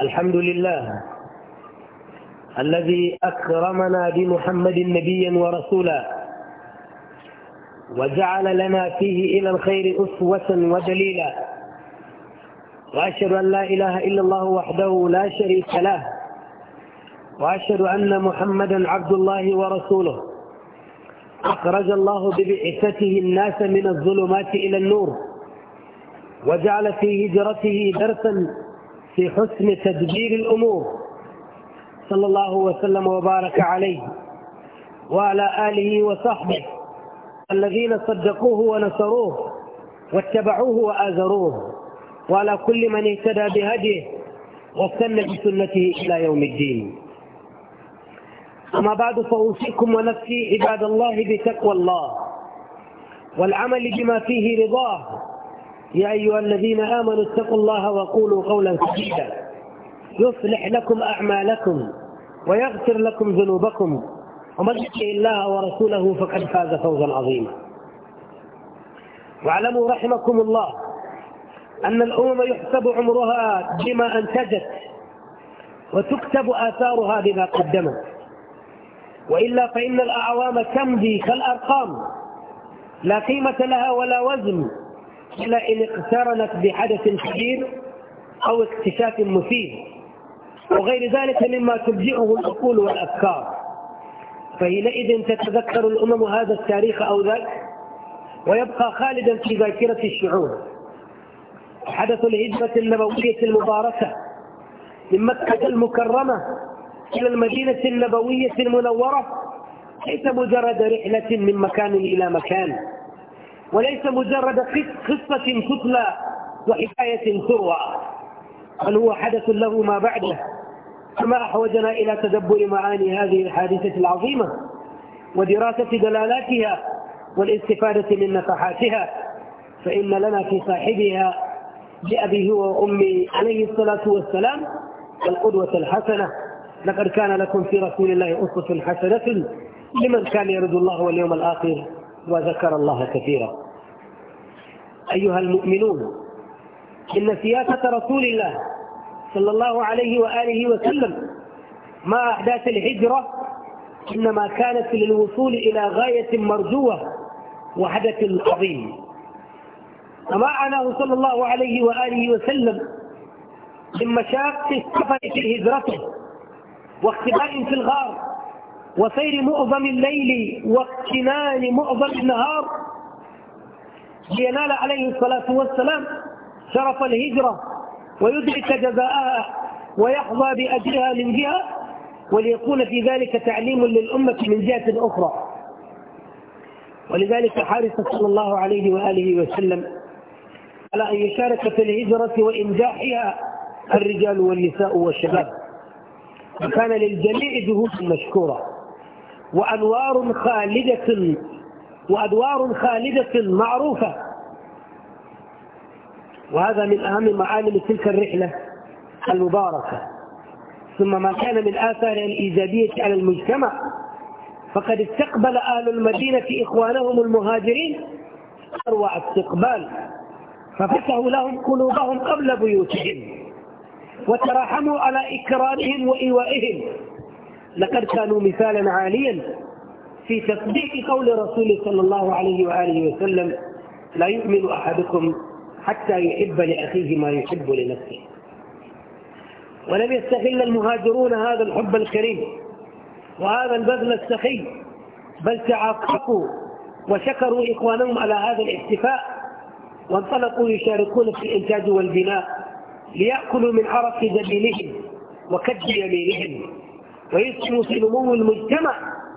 الحمد لله الذي أكرمنا بمحمد نبيا ورسولا وجعل لنا فيه إلى الخير أسوة ودليلا وأشهد أن لا إله إلا الله وحده لا شريك له وأشهد أن محمدا عبد الله ورسوله أخرج الله ببعثته الناس من الظلمات إلى النور وجعل في هجرته درسا في حسن تدبير الأمور صلى الله وسلم وبارك عليه وعلى آله وصحبه الذين صدقوه ونصروه واتبعوه وآزروه وعلى كل من اهتدى بهديه واستنى بسنته إلى يوم الدين أما بعد فأوصيكم ونفسي عباد الله بتقوى الله والعمل بما فيه رضاه يا أيها الذين آمنوا اتقوا الله وقولوا قولا سديدا يصلح لكم أعمالكم ويغفر لكم ذنوبكم ومن يطع الله ورسوله فقد فاز فوزا عظيما واعلموا رحمكم الله أن الأمم يحسب عمرها بما أنتجت وتكتب آثارها بما قدمت وإلا فإن الأعوام تمضي كالأرقام لا قيمة لها ولا وزن إلا إن اقترنت بحدث كبير أو اكتشاف مثير وغير ذلك مما تبدئه العقول والأفكار فحينئذ تتذكر الأمم هذا التاريخ أو ذاك ويبقى خالدا في ذاكرة الشعوب حدث الهجرة النبوية المباركة من مكة المكرمة إلى المدينة النبوية المنورة ليس مجرد رحلة من مكان إلى مكان وليس مجرد قصة تتلى وحكاية تروى بل هو حدث له ما بعده كما أحوجنا إلى تدبر معاني هذه الحادثة العظيمة ودراسة دلالاتها والاستفادة من نفحاتها فإن لنا في صاحبها بأبيه وأمي عليه الصلاة والسلام القدوة الحسنة لقد كان لكم في رسول الله أسوة حسنة لمن كان يرد الله واليوم الآخر وذكر الله كثيرا أيها المؤمنون إن سياسة رسول الله صلى الله عليه وآله وسلم مع أحداث الهجرة إنما كانت للوصول إلى غاية مرجوة وحدث عظيم فما عناه صلى الله عليه وآله وسلم من مشاق السفر في هجرته واختباء في الغار وسير معظم الليل واقتنان معظم النهار لينال عليه الصلاة والسلام شرف الهجرة ويدرك جزاءها ويحظى بأجرها من جهة وليكون في ذلك تعليم للأمة من جهة أخرى ولذلك حارس صلى الله عليه وآله وسلم على أن يشارك في الهجرة وإنجاحها الرجال والنساء والشباب وكان للجميع جهود مشكورة وأنوار خالدة وأدوار خالدة معروفة وهذا من أهم معالم تلك الرحلة المباركة ثم ما كان من آثار الإيجابية على المجتمع فقد استقبل أهل المدينة إخوانهم المهاجرين أروع استقبال ففتحوا لهم قلوبهم قبل بيوتهم وتراحموا على إكرامهم وإيوائهم لقد كانوا مثالا عاليا في تصديق قول رسول صلى الله عليه وآله وسلم لا يؤمن أحدكم حتى يحب لأخيه ما يحب لنفسه ولم يستغل المهاجرون هذا الحب الكريم وهذا البذل السخي بل تعاقبوا وشكروا إخوانهم على هذا الاحتفاء وانطلقوا يشاركون في الإنتاج والبناء ليأكلوا من عرق جبينهم وكد يمينهم ويسهم في نمو المجتمع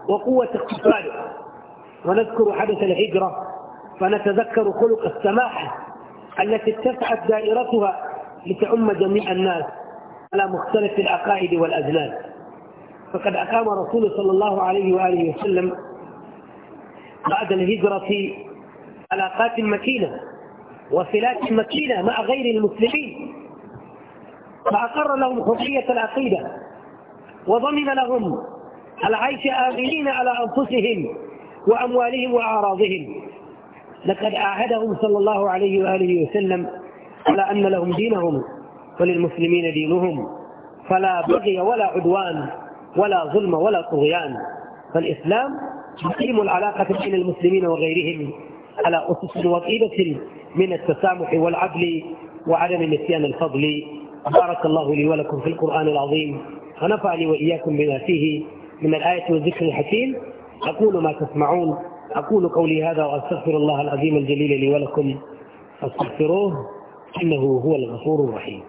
وقوة اقتصاده ونذكر حدث الهجرة فنتذكر خلق السماحة التي اتسعت دائرتها لتعم جميع الناس على مختلف العقائد والأذلال فقد أقام رسول صلى الله عليه وآله وسلم بعد الهجرة علاقات متينة وصلات متينة مع غير المسلمين فأقر لهم حرية العقيدة وضمن لهم العيش آمنين على أنفسهم وأموالهم وأعراضهم لقد عاهدهم صلى الله عليه وآله وسلم على أن لهم دينهم وللمسلمين دينهم فلا بغي ولا عدوان ولا ظلم ولا طغيان فالإسلام يقيم العلاقة بين المسلمين وغيرهم على أسس وطيبة من التسامح والعدل وعدم نسيان الفضل بارك الله لي ولكم في القرآن العظيم ونفعني وإياكم بما فيه من الآية والذكر الحكيم أقول ما تسمعون أقول قولي هذا وأستغفر الله العظيم الجليل لي ولكم فاستغفروه إنه هو الغفور الرحيم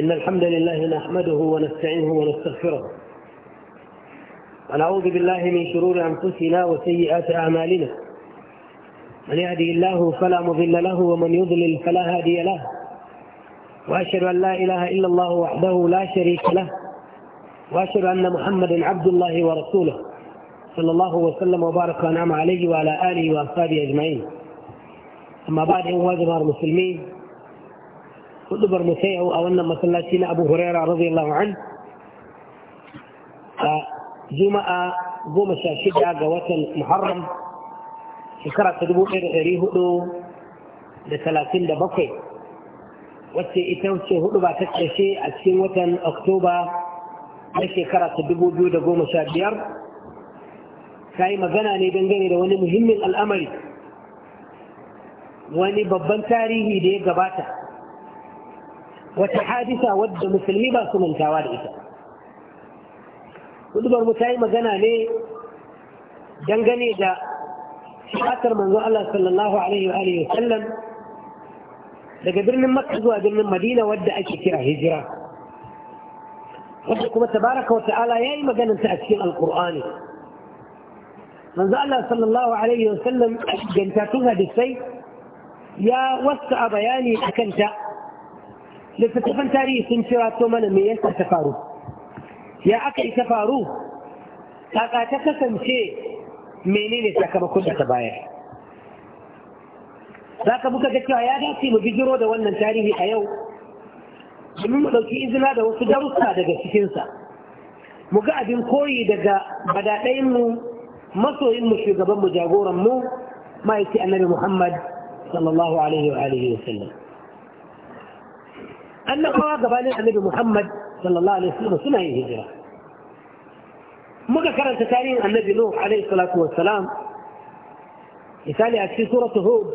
إن الحمد لله نحمده ونستعينه ونستغفره ونعوذ بالله من شرور أنفسنا وسيئات أعمالنا من يهدي الله فلا مضل له ومن يضلل فلا هادي له وأشهد أن لا إله إلا الله وحده لا شريك له وأشهد أن محمدا عبد الله ورسوله صلى الله وسلم وبارك وأنعم عليه وعلى آله وأصحابه أجمعين أما بعد أيها المسلمين hudubar mu yau a wannan masallaci na Abu Huraira radiyallahu an a Juma'a goma sha shida ga watan Muharram shekara ta dubu ɗaya da ɗari hudu da talatin da bakwai wacce ita ce hudu ba ta ƙarshe a cikin watan Oktoba na shekara ta dubu biyu da goma sha biyar ta yi magana ne dangane da wani muhimmin al'amari wani babban tarihi da ya gabata وتحادثا ود مسلمي باسو من كوار إسا ودو برمتاي لي جنغني دا أكثر من الله صلى الله عليه وآله وسلم دا من مكة دو أدر من مدينة ود أشكرا هجرا ربكم تبارك وتعالى يا إما جانا تأكل القرآن من الله صلى الله عليه وسلم جنتاتها بالسيف يا وسع بياني أكنت أكنت littattafan tarihi sun cewa to mana me yasa ta faru ya aka yi ta faru kaka ta kasance menene sakamakon da ta bayar za ka muka ga cewa ya dace mu bijiro da wannan tarihi a yau domin mu ɗauki izina da wasu darussa daga cikinsa mu ga abin koyi daga badaɗayinmu masoyinmu shugabanmu jagoranmu ma'aiki annabi muhammad sallallahu alaihi wa alihi wa sallam ان قواقب على النبي محمد صلى الله عليه وسلم سنه الهجره مذكر انت تاريخ النبي نوح عليه الصلاه والسلام مثال في سوره هود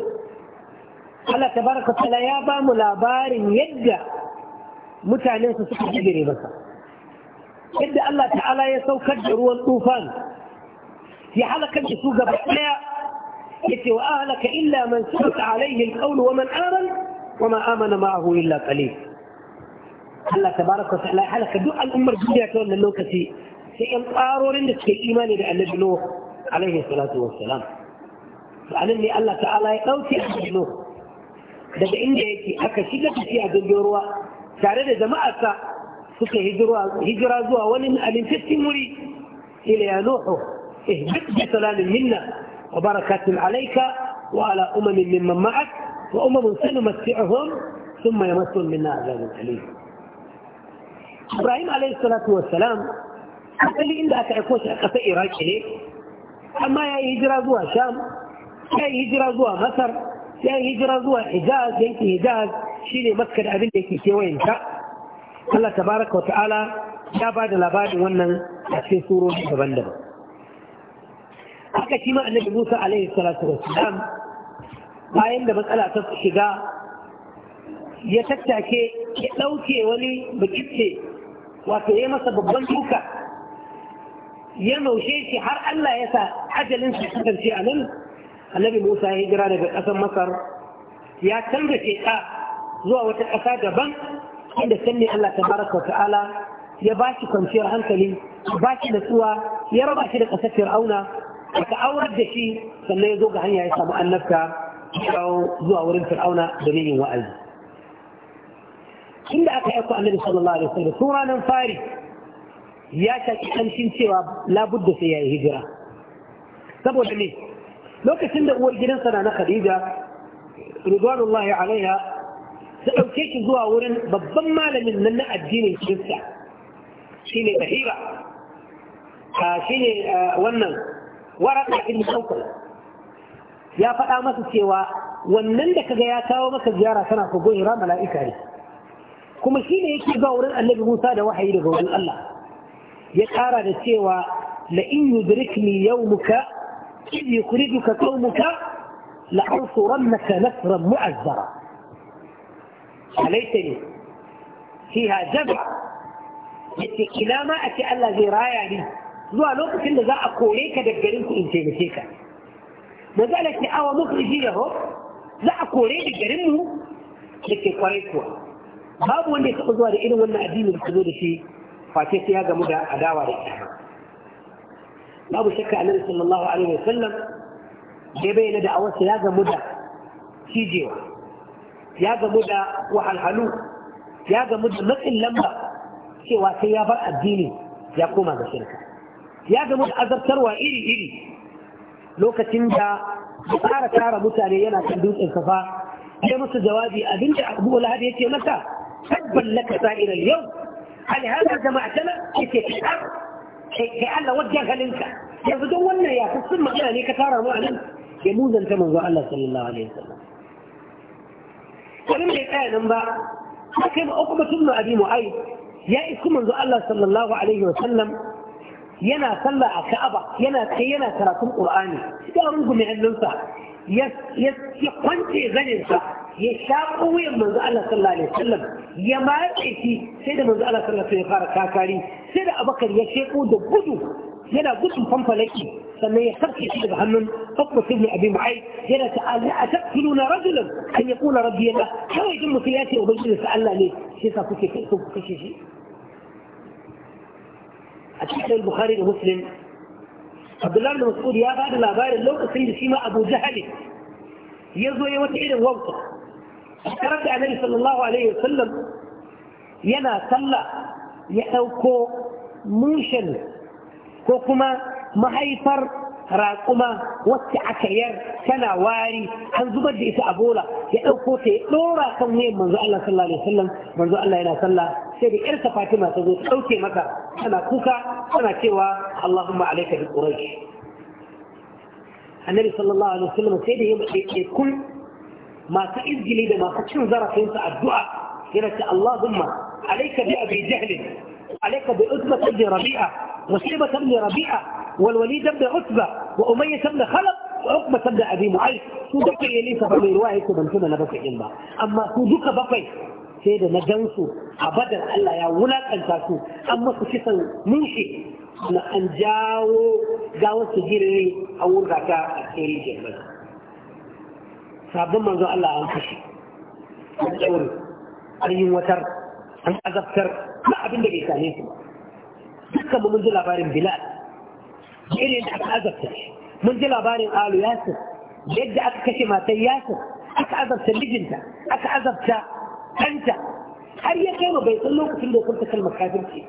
قال تبارك وتعالى يا با ملا بار يدع متعلم سوره الهجره بس يدع الله تعالى يسوق الدروع الطوفان في حلقة السوق بحياة يتي وأهلك إلا من سكت عليه القول ومن آمن وما آمن معه إلا قليل الله تبارك وتعالى على كدو الأمر جدا كون لنو كسي سيمطارو لنك في إيمان إلى النبي نوح عليه الصلاة والسلام فعلا أني الله تعالى يقوتي أحد نوح دد إنجي أكا شدة في هذا اليوروا سعرد زماعة سوك هجرا زوا ونم ألم تتمري إلى نوح اهبط بسلام منا وبركات عليك وعلى أمم من من معك وأمم سنمتعهم ثم يمسون منا عذاب أليم ibrahim alayhi salatu salam, asali inda aka aiko shi a ƙasar iraki ne amma ya yi hijira zuwa sham ya yi hijira zuwa masar ya yi hijira zuwa hijaz yankin hijaz shine makka da abin da yake kewayenta allah baraka wa ta'ala ya ba da labarin wannan a cikin surori daban-daban haka shi ma annabi Musa alayhi salatu salam, bayan da matsala ta shiga ya tattake ya ɗauke wani bakitse wato ya masa babban duka ya maushe shi har Allah ya sa ajalin su kasance a nan annabi Musa ya hijira daga ƙasar Masar ya canza sheka zuwa wata ƙasa daban inda can ne Allah tabaraka ta'ala ya ba shi kwanciyar hankali ba shi da tsuwa ya raba shi da ƙasar Fir'auna aka aurar da shi sannan ya zo ga hanya ya samu annabta zuwa wurin Fir'auna da yin wa'azi aka aiko annabi sallallahu alaihi wasallam sun ranar fari ya shaki kamshin cewa labudda sai ya yi hijira saboda ne lokacin da uwar gidansa na na khadija ridwanullahi alaiha ta ɗauke shi zuwa wurin babban malamin nan na addinin kirista shine bahira shine wannan waraka ibn saukal ya faɗa masa cewa wannan da kaga ya kawo maka ziyara kana kogon hira mala'ika ne kuma shi ne yake zuwa wurin annabi Musa da wahayi daga wurin Allah ya ƙara da cewa la in yudrikni yawmuka idh yukhrijuka qawmuka la ansurannaka nasran mu'azzara alaytani fiha jab'a yace ila ma a Allah zai raya ni zuwa lokacin da za a kore ka daga garin ku in taimake ka da za a awa muku za a kore da garin mu yake ke kwarai kuwa babu wanda ya taɓa zuwa da irin wannan addini da zo da shi face sai ya gamu da adawa da ita babu shakka annabi sallallahu alaihi wasallam da bayyana da awarsa ya gamu da cijewa ya gamu da wahalhalu ya gamu da matsin lamba cewa sai ya bar addini ya koma ga shirka ya gamu da azabtarwa iri-iri lokacin da ya fara tara mutane yana kan dutsen kafa ya musu jawabi abinda abu lahadi yake masa حبا لك سائر اليوم هل هذا جمعتنا في الأرض لأن وجهها لنك يا فدونا يا خصم معناه لك ترى معنى انت من قال الله صلى الله عليه وسلم ولم يتعلم بقى لكن أقبة ابن أبي معيد يا إسكم منذ الله صلى الله عليه وسلم ينا صلى كأبا ينا تحينا كراتم قرآني يا رب من عندنا ya kwance ganinsa ya sha wuyan manzo Allah sallallahu alaihi wasallam ya matse shi sai da manzo Allah sallallahu alaihi wasallam ya fara kakari sai da Abakar ya sheko da gudu yana gudun fanfalaki sannan ya sarke shi daga hannun hukmu ibn abi mu'ayyid yana ta ala ataqtuluna rajulan an yaqula rabbi la kawai din mutum ya ce ubangiji sa Allah ne sai ka kuke kai ku kashe shi a cikin Bukhari da Muslim abdullahi da mas'ud ya bada labarin lokacin da shi ma abu jahali ya zo ya wata irin wauta karar da annabi sallallahu alaihi wasallam yana sallah ya ɗauko mushen ko kuma mahaifar raƙuma wacce aka yar tana wari an zubar da ita a bola ya ɗauko ta ya ɗora kan wuyan manzo Allah sallallahu alaihi wasallam manzo Allah yana sallah sai da ƴarsa Fatima ta zo ta ɗauke maka tana kuka tana cewa اللهم عليك بقريش النبي صلى الله عليه وسلم سيد يوم كل ما تأذي لي ما تكون زرق ينسى الدعاء يقول اللهم عليك بأبي جهل عليك بأثبة ابن ربيعة وسيبة ابن ربيعة والوليد ابن عثبة وأمية ابن خلق وعقبة ابن أبي معيس سودك يليس فمي رواهي كمن ثم نبك جنبا أما سودك بقي سيدنا جنسو أبدا ألا يا ولاد أنتاكو أما سكسا منشي kuma an jawo gawar su girri a wurga ta a cikin jirgin sabon manzo Allah an kashe an tsauri an yi watar an azabtar na abin da bai same su ba dukkan mun ji labarin bilal irin da aka azabta mun ji labarin alu yasir yadda aka kashe matan yasir aka azabta mijinta aka azabta ɗanta har ya kai ma bai san lokacin da kun ta kalmar kafirci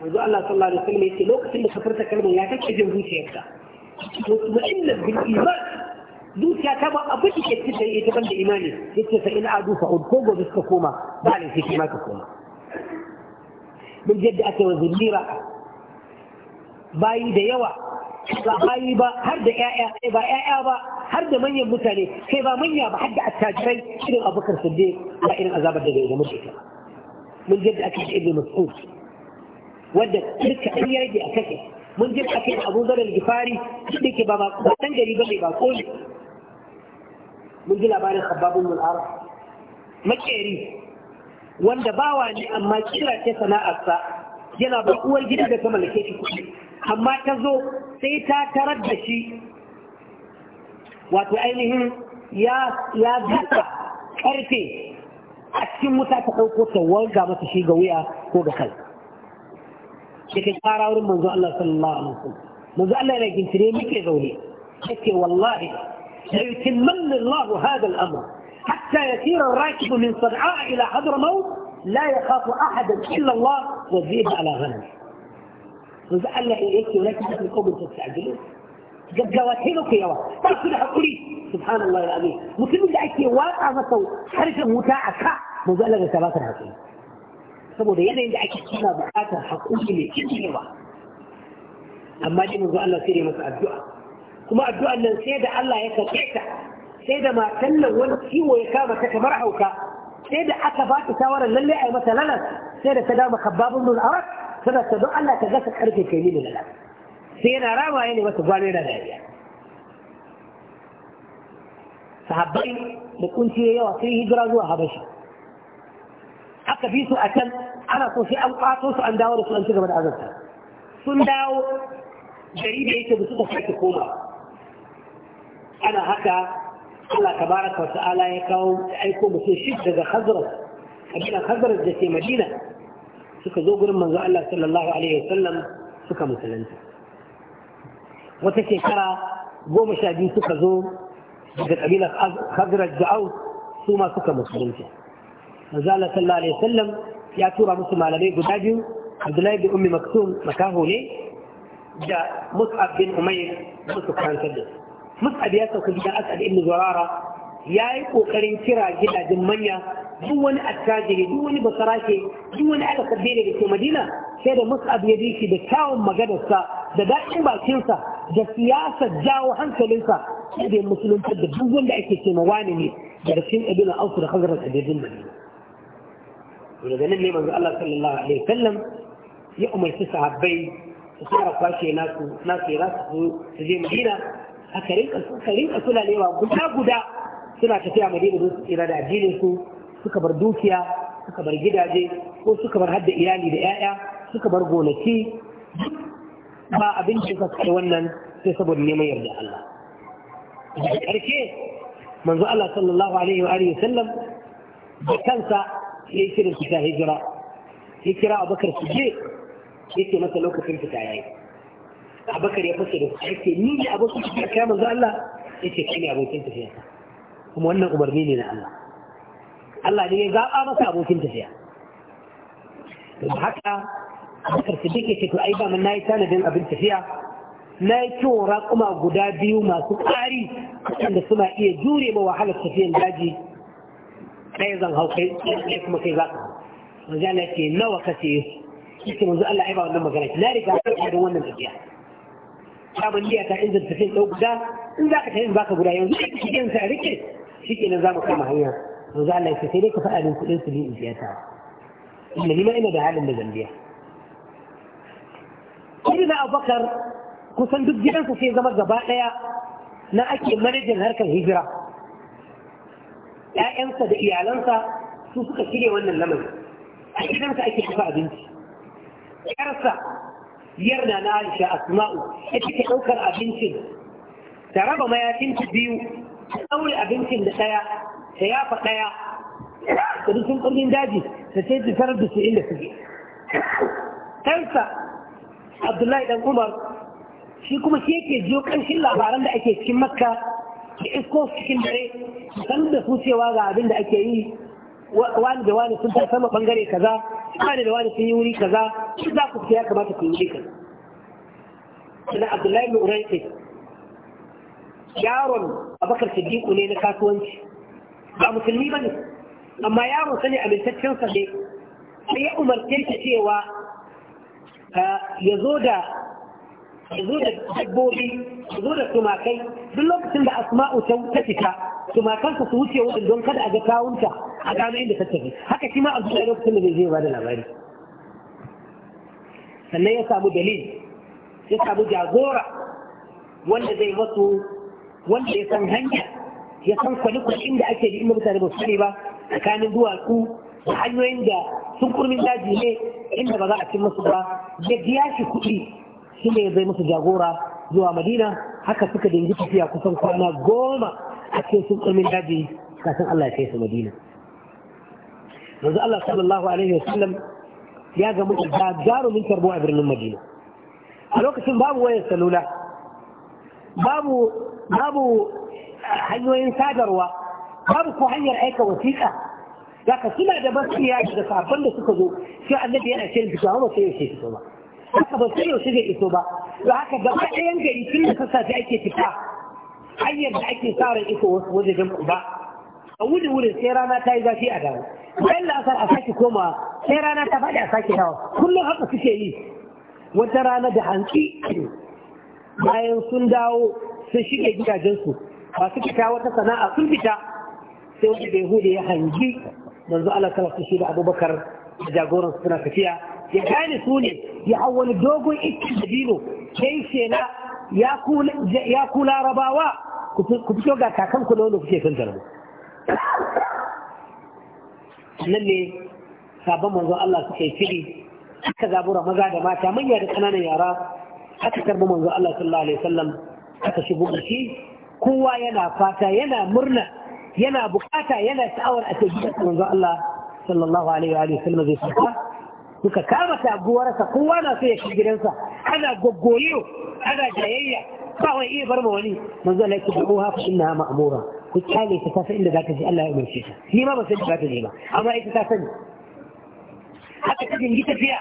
manzo Allah sallallahu alaihi wasallam yake lokacin da ka furta kalmar ya kake jin zuciyarka to kuma inna bil iman zuciya ta ba abu da ke cikin ita banda imani yace sa ina adu fa ko gobe suka koma ba ne sai ma ka koma bil jaddi aka wa zullira bayi da yawa ba bayi ba har da ƴaƴa kai ba ƴaƴa ba har da manyan mutane kai ba manya ba har da attajirai irin abubakar siddiq ba irin azabar da bai ga mutum mun ake aka ibnu mas'ud wadda shirka an ya rage a kashe mun ji ake da abu zarar gifari cikin ke ba ba san gari ba ne ba ko ne mun ji labarin khababun mul'ar makeri wanda bawa ne amma kira ce sana'arsa yana ba uwar gida da ta mallake shi kuɗi amma ta zo sai ta tarar da shi wato ainihin ya ya karfe a cikin wuta ta ɗauko ta wanga mata shi ga wuya ko ga kai. لكن قال أول من ذو الله صلى الله عليه وسلم من ذو الله لكن تريد مكة ذولي لكن والله سيتمن الله هذا الأمر حتى يسير الراكب من صنعاء إلى حضر موت لا يخاف أحدا إلا الله وزيد على غنم من ذو الله إليك ولكن في القوم تستعجلون قد جواتينك يا واحد تأكل طيب حقولي سبحان الله العظيم مثل من ذلك واقع مثل حرف متاعك من ذو الله لثلاثة حقولي saboda yanayin da ake kina bukatar haƙuri mai cikin yawa amma dai manzo Allah sai masa addu'a kuma addu'an nan sai da Allah ya karɓe ta sai da matan nan wani ciwo ya kama ta kamar hauka sai da aka ba ta shawarar lalle a yi mata lalas sai da ta dama kababar mun arak saboda ta don Allah ta gasa karfe kai ne lalas sai yana rama ya ne mata gwano da dariya sahabbai da kunci yawa sai hijira zuwa habasha aka bi su a can ana so sai an kwato su an dawo da su an ci gaba da azabta sun dawo gari da yake su da sake koma ana haka Allah tabaraka wa ta'ala ya kawo aiko mutum shi daga Hazrat kabilan Hazrat da ke Madina suka zo gurin manzo Allah sallallahu alaihi wasallam suka musulunta wata shekara goma sha biyu suka zo daga kabilan Hazrat da Aus su ma suka musulunta manzo sallallahu alaihi wasallam ya tura musu malamai guda biyu Abdullahi bin Ummi Maktum makaho ne da Mus'ab bin Umayr musu karantar da Mus'ab ya sauka gidan As'ad ibn Zurara ya yi kokarin kira gidajen manya duk wani attajiri duk wani basarake duk wani aka kabbere da ke Madina sai da Mus'ab ya bi shi da kyawun maganarsa da daɗin bakinsa da siyasar jawo hankalinsa sai da musulunta da duk wanda ake ce wani ne da cikin ibn Auf da Khazraj da Madina ودليل لما قال الله صلى الله عليه وسلم يوم يسس عبي فصار قاشي ناسو ناسي راسه تجي مدينة أكريم أسول أكريم أسول عليه وقل لا قدا سنة كتيا مدينة إلى دعجينه سكبر دوكيا سكبر جداجي وسكبر هد إيالي لآية سكبر قولتي ما أبنش فتحونا تسبب لما يرجع الله أركي من الله صلى الله عليه وآله وسلم كان ya yi kiran fita hijira ya kira abakar su je ya masa lokacin fita ya yi abakar ya fasa da ya ce ni ne abokin tafiya kai manzo Allah ya ce kai ne abokin tafiya kuma wannan umarni ne na Allah Allah ne ya zaɓa masa abokin tafiya to haka abakar suje dike ce to ai ba mun nayi tanadin abin tafiya na yi kyau raƙuma guda biyu masu ƙari waɗanda suna iya jure ma wahalar tafiyan daji kai zan hau kai kai kuma kai za ka manzo Allah ce nawa ka ce yake manzo Allah ai ba wannan magana ki? na riga ka kai da wannan tafiya ta ban ta in zan tafi ɗau guda in za ka tafi baka guda yanzu kike yin sa rike shikenan za mu kama hanya manzo Allah ya ce sai dai ka faɗa min kuɗin su ni in biya ta inda ni ma ina da halin da zan biya Sayyidina Abubakar kusan duk gidansa sai zama gaba ɗaya na ake manajan harkar hijira Ya'yansa da iyalansa su suka shirya wannan lamarin a gidansa ake dafa abinci yarsa yarda na Aisha Asma'u ita ke ɗaukar abincin ta raba mayafinta biyu ta ɗaure abincin da ɗaya ta yafa ɗaya da dukkan daji ta ce ta tarar da su inda suke kansa Abdullahi dan Umar shi kuma shi yake jiyo ƙanshin labaran da ake cikin Makka ki isko cikin dare san da su cewa ga abin da ake yi wani da wani sun tafi sama bangare kaza wani da wani sun yi wuri kaza shi za ku ya kamata ku yi wuri kaza sannan abdullahi bin urai ce yaron abakar siddiqu ne na kasuwanci ba musulmi ba ne amma yaron sani amintaccen sa ne sai ya umarce shi cewa ya zo da su zo da dabbobi su zo da tumakai duk lokacin da asma'u ta fita tumakan su wuce wurin don kada a ga kawunta a gano inda ta tafi haka shi ma a zuwa lokacin da zai ba da labari sannan ya samu dalil ya samu jagora wanda zai masu wanda ya san hanya ya san kwalikwal inda ake da inda mutane ba su sani ba tsakanin duwatsu da hanyoyin da sun kurmin daji ne inda ba za a cin masu ba ya biya shi kuɗi shi ne zai masa jagora zuwa madina haka suka dingi tafiya kusan kwana goma a cikin sun tsamin daji kafin Allah ya kai su madina yanzu Allah sallallahu alaihi wa sallam ya gamu da gagarumin tarbo a birnin madina a lokacin babu wayar salula babu babu eh, hanyoyin sadarwa babu ko hanyar aika wasiƙa ka suna da basiriya da sabon da suka zo sai annabi yana shirin fitowa ba sai ya ce fito haka ba sai yaushe zai iso ba to haka gaba ɗayan gari tun da sassafe ake fita hanyar da ake sa ran iso wasu wajajen ba a wuri wurin sai rana ta yi zafi a dawo bayan la'asar a sake koma sai rana ta faɗi a sake dawo kullum haka suke yi wata rana da hantsi bayan sun dawo sun shige gidajensu ba su fita wata sana'a sun fita sai wani bai hude ya hangi manzo Allah sallallahu alaihi da Abubakar da jagoran suna tafiya ya gane su ne ya hau wani dogon ikin da dino kai ce na ya kula rabawa ku fito ga kakan ku da wanda kuke kan zarbu nan ne sabon manzon Allah suka yi fili aka zabura maza da mata manya da ƙananan yara aka karbi manzon Allah sallallahu alaihi wasallam aka shigo da shi kowa yana fata yana murna yana bukata yana sha'awar a ce gidan manzon Allah sallallahu alaihi wa sallam zai sauka suka kama taguwarsa kowa na so ya shi gidansa ana goggoyo ana jayayya ba wai iya bar ma wani manzo Allah yake da'u hafa innaha ma'mura ku kyale ta san inda zaka je Allah ya umarce ta ni ma ba san inda zaka je ba amma ita ta sani haka ta yi tafiya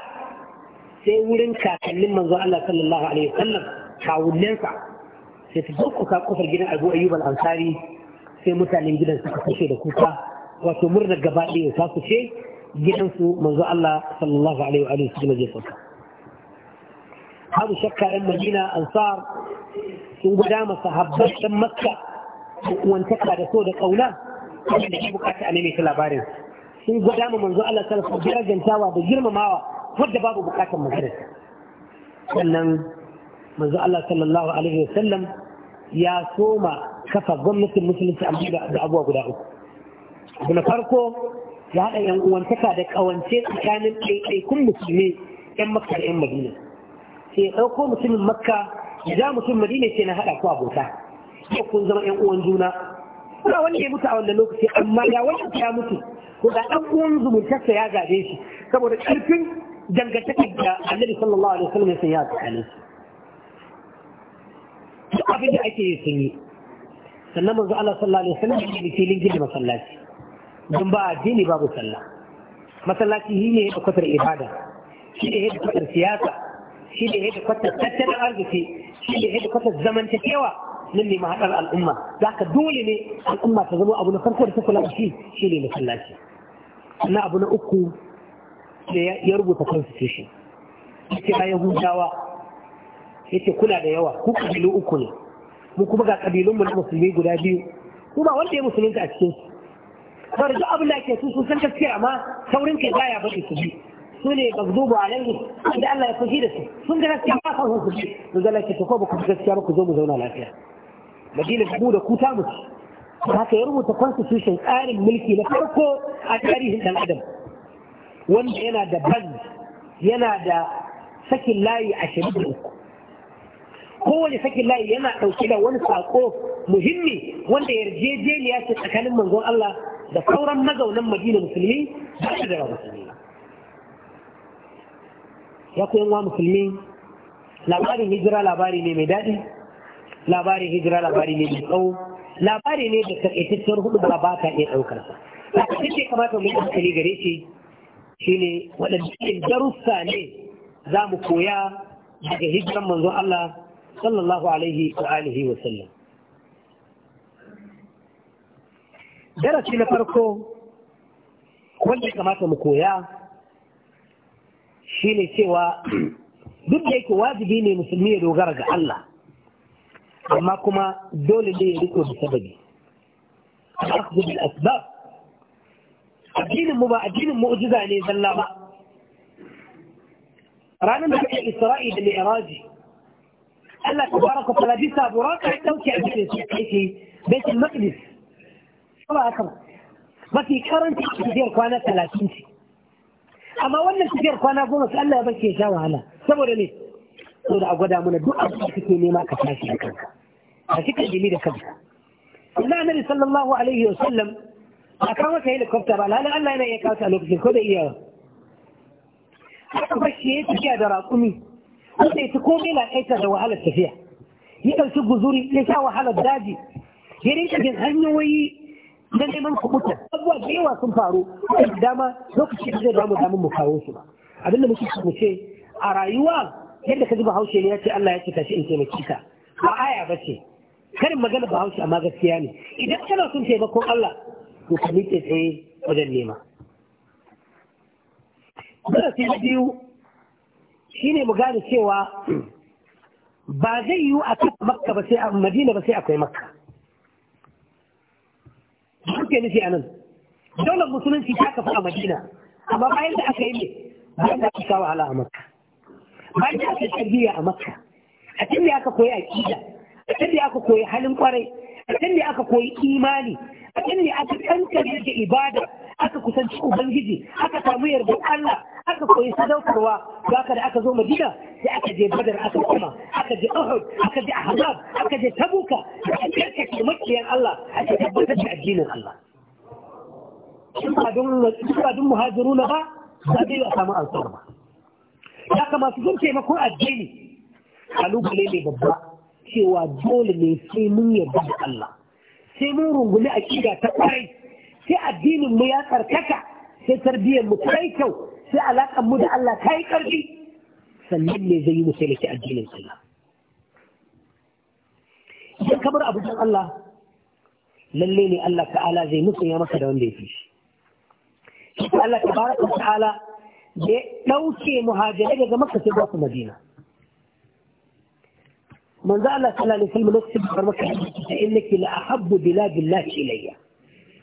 sai wurin kakannin manzo Allah sallallahu alaihi wasallam kawunnensa sai ta dokuka kofar gidan Abu Ayyub al-Ansari sai mutanen gidan suka kashe da kuka wato murnar gaba ɗaya ta kuce gidansu manzo Allah sallallahu alaihi wa sallam ya sauka babu shakka ɗan Madina Ansar sun guda masa habbar ɗan Makka wantaka da so da ƙauna wanda da ke bukata a nemi labarin sun guda ma manzo Allah sallallahu alaihi wa darajantawa da girmamawa wadda babu bukatar magana sannan manzo Allah sallallahu alaihi wa sallam ya soma kafa gwamnatin musulunci a da abubuwa guda uku abu na farko ya haɗa yan uwantaka da ƙawance tsakanin ɗaiɗaikun musulmi yan makka da yan madina sai ɗauko mutumin makka ya mutum madina ke na haɗa ku abota ya kun zama yan uwan juna kuma wani ya mutu a wannan lokaci amma ya wanda ya mutu ko ga ɗan uwan zumuntarsa ya gaje shi saboda ƙarfin dangantakar da annabi sallallahu alaihi wasallam ya sanya a tsakanin duk abin da ake yi sun yi sannan manzo Allah sallallahu alaihi wasallam ya yi filin gidan masallaci don ba addini babu sallah masallaci shi ne yadda kwatar ibada shi ne yadda kwatar siyasa shi ne yadda kwatar tattalin arziki shi ne yadda kwatar zamantakewa nan ne mahaɗar al'umma za ka dole ne al'umma ta zama abu na farko da ta kula da shi shi ne masallaci na abu na uku da ya rubuta constitution yake na yahudawa yake kuna da yawa ku kabilu uku ne mu kuma ga kabilunmu na musulmi guda biyu Kuma wanda ya musulunta a cikin su kawai da abin da ake su sun san gaskiya amma saurin kai baya faɗi su bi su ne magdubu alaihi da Allah ya fushi da su sun ga gaskiya ba san su bi su ga lafiya ko ba ku gaskiya ba ku zo mu zauna lafiya madina ku da ku ta mutu haka ya rubuta constitution tsarin mulki na farko a tarihin dan adam wanda yana da ban yana da sakin layi ashirin da uku kowane sakin layi yana ɗauke da wani saƙo muhimmi wanda yarjejeniya ce tsakanin manzon Allah da sauran mazaunan madina musulmi ba su da musulmi ya wa musulmi labarin hijira labari ne mai daɗi labarin hijira labari ne mai tsawo labari ne da takaitaccen hudu ba ba ta iya ɗaukar sa abin da kamata mu yi hankali gare shi shine waɗannan darussa ne za mu koya daga hijiran manzon Allah sallallahu alaihi wa wa sallam darasi na farko wanda ya kamata mu koya shi ne cewa duk da yake wajibi ne musulmi ya dogara ga Allah amma kuma dole ne ya riko da sababi akhdhu asbab addinin mu ba addinin mu'jiza ne zalla ba ranar da kake isra'i da mi'raji Allah tabaraka wa ta'ala bisa buraka ya dauke addinin shi yake baitul maqdis ba haka ba mafi karanci tafiyar kwana talatin ce amma wannan tafiyar kwana goma sai Allah ya barke ya sha wahala saboda ne saboda a gwada mana duk abin da kake nema ka tashi da kanka a cika jini da kanka Allah Annabi sallallahu alaihi wa sallam a kan wata helicopter ba lalai Allah yana iya kawo a lokacin ko da iyawa aka bashi ya tafiya da raƙumi wanda ya ci komai na aita da wahalar tafiya ya ɗauki guzuri ya sha wahalar daji ya rinka jin hanyoyi Idan neman kubuta abubuwa da yawa sun faru da dama lokaci da zai ba mu damar mu kawo su ba abin da muke mu ce a rayuwa yadda ka ji bahaushe ne ya ce Allah ya ce tashi in taimaki ka ba aya ba ce karin magana bahaushe amma gaskiya ne idan kana son taimakon Allah to ka miƙe tsaye wajen nema darasi na biyu shine mu gane cewa ba zai yiwu a makka ba sai a madina ba sai akwai makka suke nufi a nan daular musulunci ta kafa a madina amma bayan da aka yi ne bayan da aka sha wahala a makka bayan da aka tarbiyya a makka a can da aka koyi aƙida a can da aka koyi halin kwarai a can da aka koyi imani a can da aka kankare da ibada aka kusanci ubangiji aka samu yardar Allah aka koyi sadaukarwa ba da aka zo madina sai aka je badar aka kuma aka je uhud aka je ahzab aka je tabuka aka karkace makiyan Allah aka tabbatar da addinin Allah in ba don muhajiruna ba za bai samu ansar ba ya kama su zan taimakon addini kalubale ne babba cewa dole ne sai mun yarda da Allah sai mun rungumi aƙida ta ƙwarai في الدين المياسر كك في تربية متريكة في علاقة مدى الله كي كربي سلمني زي مسلك الدين الصلاة يا كبر أبو جل الله لليني الله تعالى زي مسلم يا مصر وندي فيش الله تبارك وتعالى جي توشي مهاجر إذا مكة تبوك مدينة من ذا الله صلى الله عليه وسلم إنك لأحب بلاد الله إليّ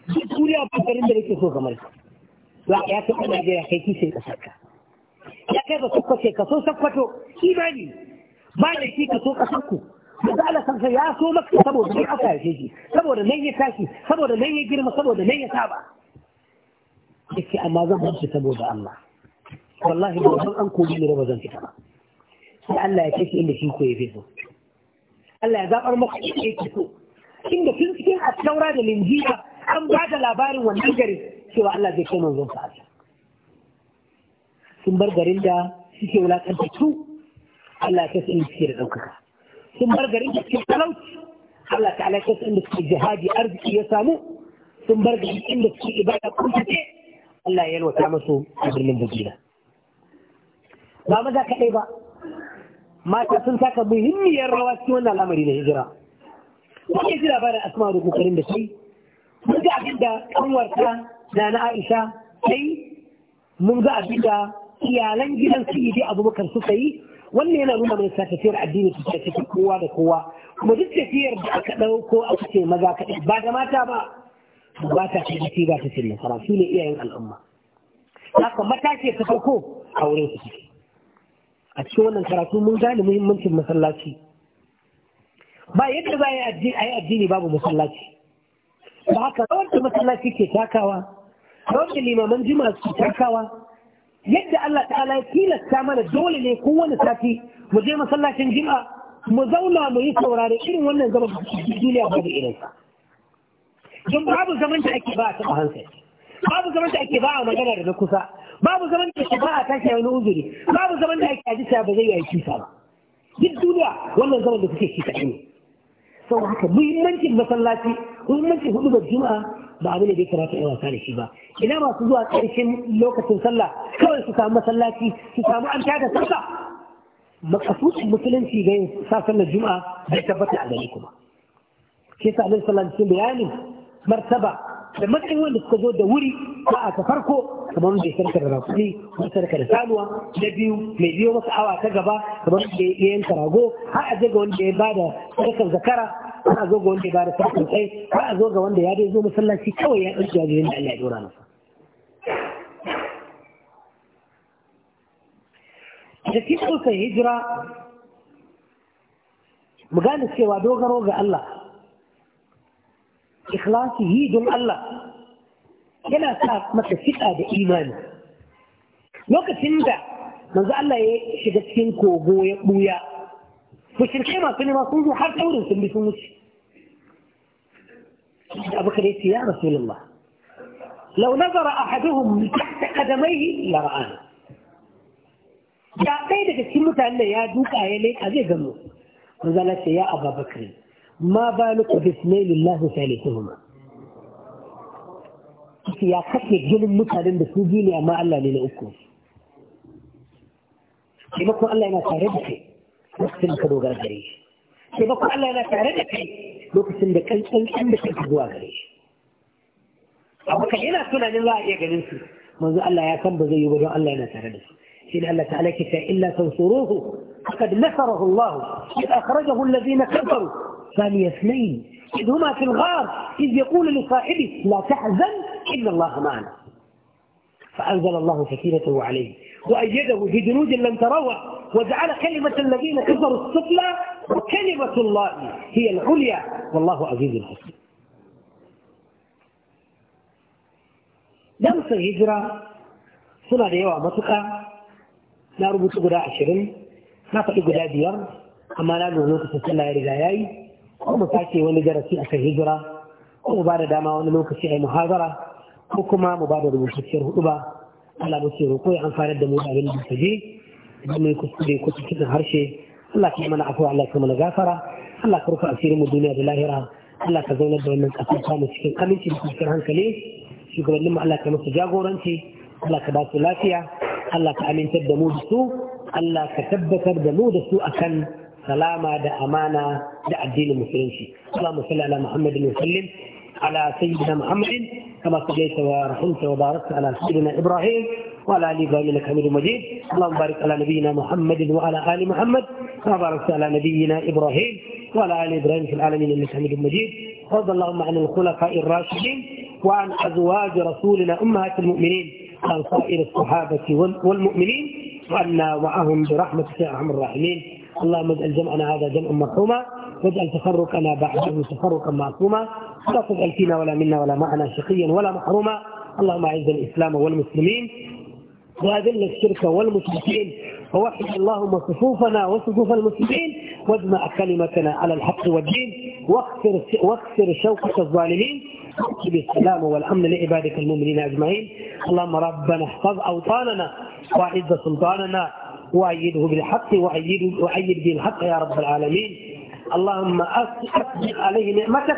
duk duniya ba garin da yake so kamar ka ya taɓa Najeriya kai kishin ƙasar ka ya kai ba sakkwace ka so sakwato. shi ba da shi ka so ƙasar ku da Allah kansa ya so maka saboda nan aka haife shi saboda nan ya tashi saboda nan ya girma saboda nan ya saba yake amma zan bar shi saboda Allah wallahi ba zan an koyi ne ba zan fita ba sai Allah ya shi inda shi ko ya fito Allah ya zabar maka inda yake so inda kin cikin taura da linjiya an ba da labarin wannan garin cewa Allah zai kai manzon sa Allah sun bar garin da suke wulakanta su Allah ta sani suke da ɗaukaka sun bar garin da suke talauci Allah ta alaƙa su inda suke jihadi arziki ya samu sun bar garin inda suke ibada kuntace Allah ya yalwata masu a birnin Madina ba maza kaɗai ba mata sun taka muhimmiyar rawa cikin wannan al'amari na hijira. Wani ji labarin asma da kokarin da shi mun ga abin da kanwarta da na Aisha sai mun ga abin da iyalan gidan su yi abubakar suka yi wannan yana nuna mai sa tafiyar addini su ce cikin kowa da kowa kuma duk tafiyar da aka ɗauko aka ce maza kaɗai ba da mata ba ba ta ce jiki ba ta ce nasara su ne iyayen al'umma haka mata ce ta farko a wurin su a cikin wannan karatu mun gane muhimmancin masallaci ba yadda za a yi addini babu masallaci da haka rawar da masallaci ke takawa rawar da limaman jima ke takawa yadda Allah ta'ala ya tilasta mana dole ne kowane sati mu je masallacin jima mu zauna mu yi saurare irin wannan zaman duniya da irinsa don babu zaman da ake ba a taɓa hansa babu zaman da ake ba a magana daga kusa babu zaman da ake ba a tashi wani uzuri babu zaman da ake ajisa ba zai yi kisa ba duk duniya wannan zaman da kuke kisa ne sau haka muhimmancin masallaci muhimmancin hudu juma'a ba abu ne da ya kamata a wasa da shi ba ina masu zuwa ƙarshen lokacin sallah kawai su samu masallaci su samu an tada sallah makasudin musulunci ga yin sa sallar juma'a bai tabbata a gari kuma shi yasa alaihi sallallahu cikin bayanin martaba da matsayin wanda suka zo da wuri ba a ta farko kamar mai sarka da rafi ko sarka da sanuwa na biyu mai biyo masa awa ta gaba kamar da ya yanka rago har a ga wanda ya bada sarkar zakara har a zo ga wanda ya bada sarkar kai har a zo ga wanda ya dai zo masallaci kawai ya ɗauki jajirin da Allah ya dora masa da cikin hijira mu gane cewa dogaro ga Allah إخلاصي هي دم الله هنا ساق مثل فتاة بإيمان لو سنجا من ذا الله يشجد سنكو بويا بويا اللي ما سنما سنجو حال تورو سنبي سنجو أبو كريسي يا رسول الله لو نظر أحدهم تحت قدميه لرآه يا قيدك سنجو تعالى يا دوك أهلي أجي جمو وزالت يا أبا بكري ما بالك باثنين الله ثالثهما ya kake ginin mutanen da su biyu ne amma Allah ne na uku taimakon Allah yana tare da kai lokacin ka dogara gare shi taimakon Allah yana tare da kai lokacin da kankan kan da kai zuwa gare shi abu kan yana tunanin za a iya ganin su manzo Allah ya san ba zai yi ba don Allah yana tare da su إن الله تعالى كفى إلا تنصروه فقد نصره الله إذ أخرجه الذين كفروا ثاني اثنين إذ هما في الغار إذ يقول لصاحبه لا تحزن إن الله معنا فأنزل الله سكينته عليه وأيده بجنود لم تروع وجعل كلمة الذين كفروا السفلى وكلمة الله هي العليا والله عزيز حكيم درس الهجرة صلى الله عليه وسلم na rubutu عشرين ashirin na faɗi guda biyar amma na nuna lokacin sallah ya riga ya ko mu sake wani darasi kan hijira ko mu ba dama wani lokaci a muhazara ko kuma mu ba da rubutacciyar hudu ba Allah mu ce roƙo ya amfanar da mu da abin da ta je idan mu kuskure ko cikin harshe Allah ka mana afuwa Allah ka mana gafara Allah ka rufe asirin mu duniya da lahira Allah ka zauna da wannan kafin ta mu cikin aminci da kwanciyar hankali shugabannin mu Allah ka musu jagoranci Allah ka ba su lafiya Allah ka amintar da mu da su Allah ka tabbatar da mu da su akan سلامة دا أمانة دا الدين المسلمشي اللهم صل على محمد وسلم على سيدنا محمد كما صليت ورحمت وباركت على سيدنا إبراهيم وعلى آل إبراهيم إنك حميد مجيد اللهم بارك على نبينا محمد وعلى آل محمد كما باركت على نبينا إبراهيم وعلى آل إبراهيم في العالمين إنك حميد مجيد وارض اللهم عن الخلفاء الراشدين وعن أزواج رسولنا أمهات المؤمنين وعن سائر الصحابة والمؤمنين وعنا معهم برحمتك يا أرحم الراحمين اللهم اجعل جمعنا هذا جمع مرحوما واجعل تفرقنا بعده تفرقا معصوما ولا تجعل فينا ولا منا ولا معنا شقيا ولا محروما اللهم اعز الاسلام والمسلمين واذل الشرك والمشركين ووحد اللهم صفوفنا وصفوف المسلمين واجمع كلمتنا على الحق والدين واكسر واكسر شوكة الظالمين واكتب السلام والامن لعبادك المؤمنين اجمعين اللهم ربنا احفظ اوطاننا واعز سلطاننا وأيده بالحق وأيد, وأيد بالحق يا رب العالمين اللهم أسبق عليه نعمتك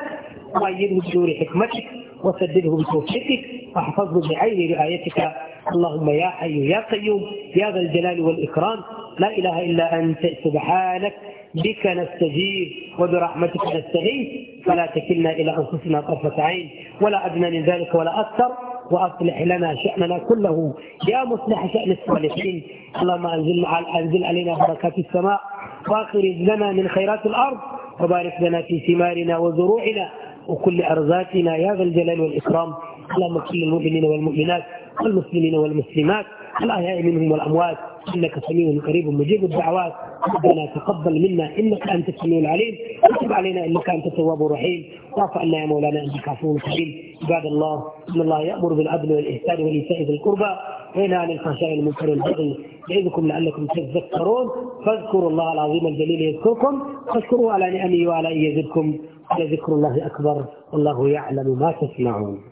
وأيده بنور حكمتك وسدده بتوفيقك واحفظه بعين رعايتك اللهم يا حي يا قيوم يا ذا الجلال والإكرام لا إله إلا أنت سبحانك بك نستجيب وبرحمتك نستعين فلا تكلنا إلى أنفسنا طرفة عين ولا أدنى من ذلك ولا أكثر وأصلح لنا شأننا كله يا مصلح شأن الصالحين اللهم أنزل, أنزل علينا بركات السماء واخرج لنا من خيرات الأرض وبارك لنا في ثمارنا وزروعنا وكل أرزاقنا يا ذا الجلال والإكرام اللهم كل المؤمنين والمؤمنات والمسلمين والمسلمات الأحياء منهم والأموات انك سميع قريب مجيب الدعوات ربنا تقبل منا انك انت السميع العليم وتب علينا انك انت التواب الرحيم واعف عنا يا مولانا انك عفو كريم عباد الله ان الله يامر بالعدل والاحسان وايتاء ذي القربى وينهى عن الفحشاء المنكر والبغي يعظكم لعلكم تذكرون فاذكروا الله العظيم الجليل يذكركم واشكروه على نعمه وعلى ان يزدكم ولذكر الله اكبر والله يعلم ما تصنعون